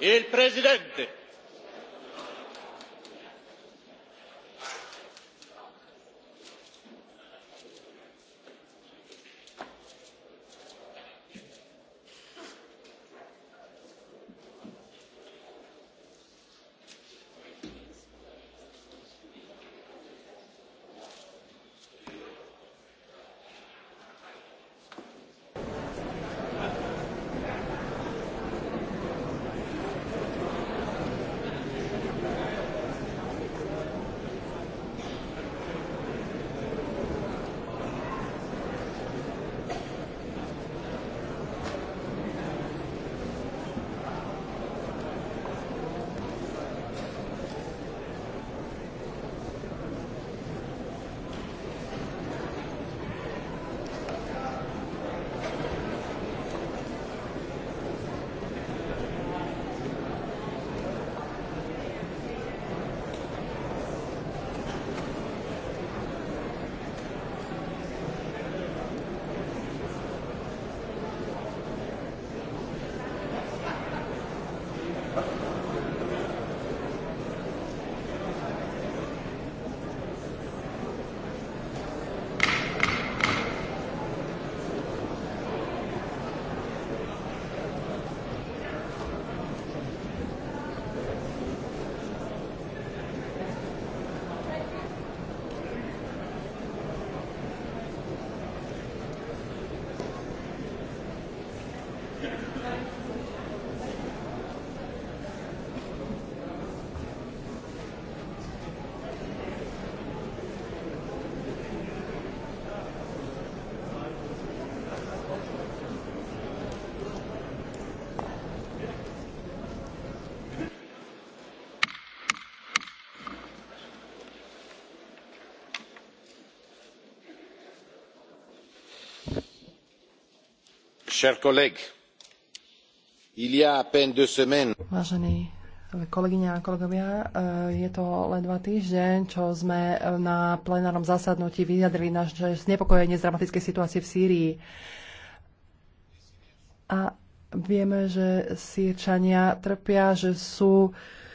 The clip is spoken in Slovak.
E il presidente. chers collègues il y a à peine deux semaines Vážení kolegyne a kolegovia, eh, je to len dva týždne, čo sme eh, na plenárnom zasadnutí vyjadrili naše znepokojenie z dramatickej situácie v Sýrii. A vieme, že Sýrčania trpia, že sú uh,